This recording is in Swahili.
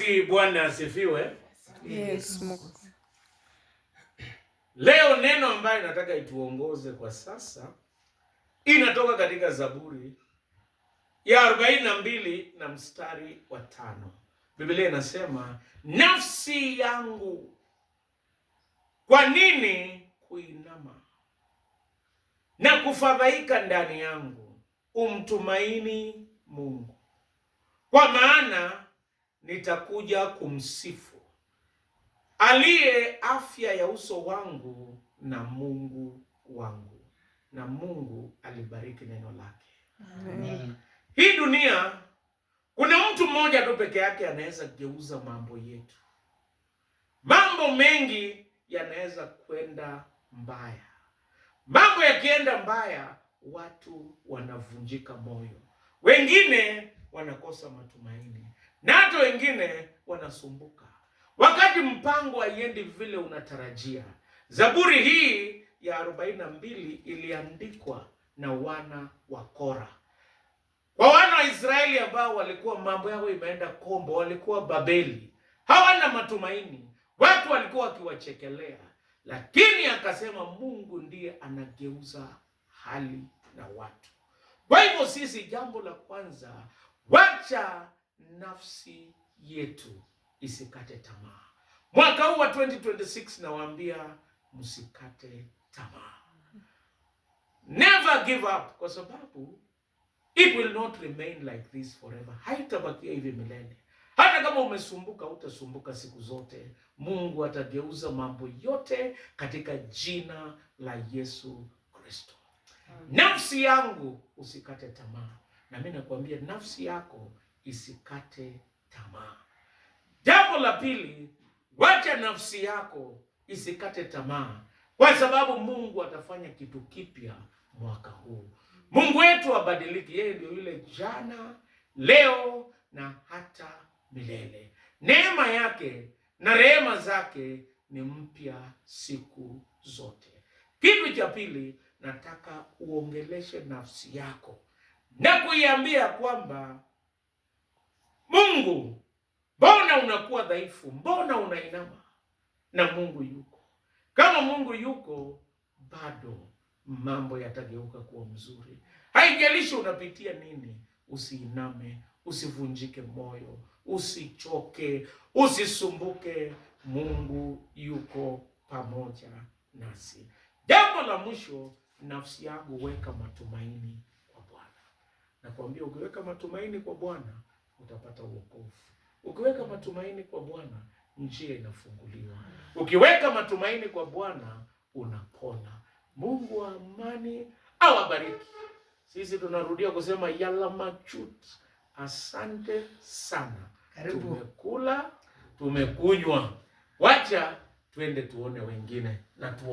Basi Bwana asifiwe. Yes, Leo neno ambayo nataka ituongoze kwa sasa inatoka katika Zaburi ya arobaini na mbili na mstari wa tano. Biblia inasema, nafsi yangu kwa nini kuinama na kufadhaika ndani yangu? Umtumaini Mungu, kwa maana nitakuja kumsifu aliye afya ya uso wangu na Mungu wangu. Na Mungu alibariki neno lake. Amen. Hii dunia kuna mtu mmoja tu peke yake anaweza kugeuza mambo yetu. Mambo mengi yanaweza kwenda mbaya. Mambo yakienda mbaya, watu wanavunjika moyo, wengine wanakosa matumaini, na hata wengine wanasumbuka, wakati mpango haiendi vile unatarajia. Zaburi hii ya arobaini na mbili iliandikwa na wana wa Kora kwa wana wa Israeli ambao walikuwa mambo yao imeenda kombo, walikuwa Babeli, hawana matumaini, watu walikuwa wakiwachekelea, lakini akasema Mungu ndiye anageuza hali na watu. Kwa hivyo sisi, jambo la kwanza, wacha nafsi yetu isikate tamaa. Mwaka huu wa 2026 nawaambia msikate tamaa, never give up, kwa sababu it will not remain like this forever. Haitabakia hivi milele. Hata kama umesumbuka, utasumbuka siku zote. Mungu atageuza mambo yote katika jina la Yesu Kristo. Nafsi yangu usikate tamaa, na mimi nakwambia nafsi yako isikate tamaa. Jambo la pili, wacha nafsi yako isikate tamaa, kwa sababu Mungu atafanya kitu kipya mwaka huu. Mungu wetu abadiliki, yeye ndio yule jana, leo na hata milele. Neema yake na rehema zake ni mpya siku zote. Kitu cha pili, nataka uongeleshe nafsi yako na kuiambia kwamba Mungu, mbona unakuwa dhaifu? Mbona unainama? Na Mungu yuko. Kama Mungu yuko, bado mambo yatageuka kuwa mzuri. Haijalishi unapitia nini, usiiname, usivunjike moyo, usichoke, usisumbuke. Mungu yuko pamoja nasi. Jambo la mwisho, nafsi yangu weka matumaini kwa Bwana. Nakwambia, ukiweka matumaini kwa Bwana utapata uokovu. Ukiweka matumaini kwa Bwana, njia inafunguliwa. Ukiweka matumaini kwa Bwana, unapona. Mungu wa amani awabariki. Sisi tunarudia kusema yala machut, asante sana. Karibu. Tumekula, tumekunywa, wacha tuende tuone wengine na tuone.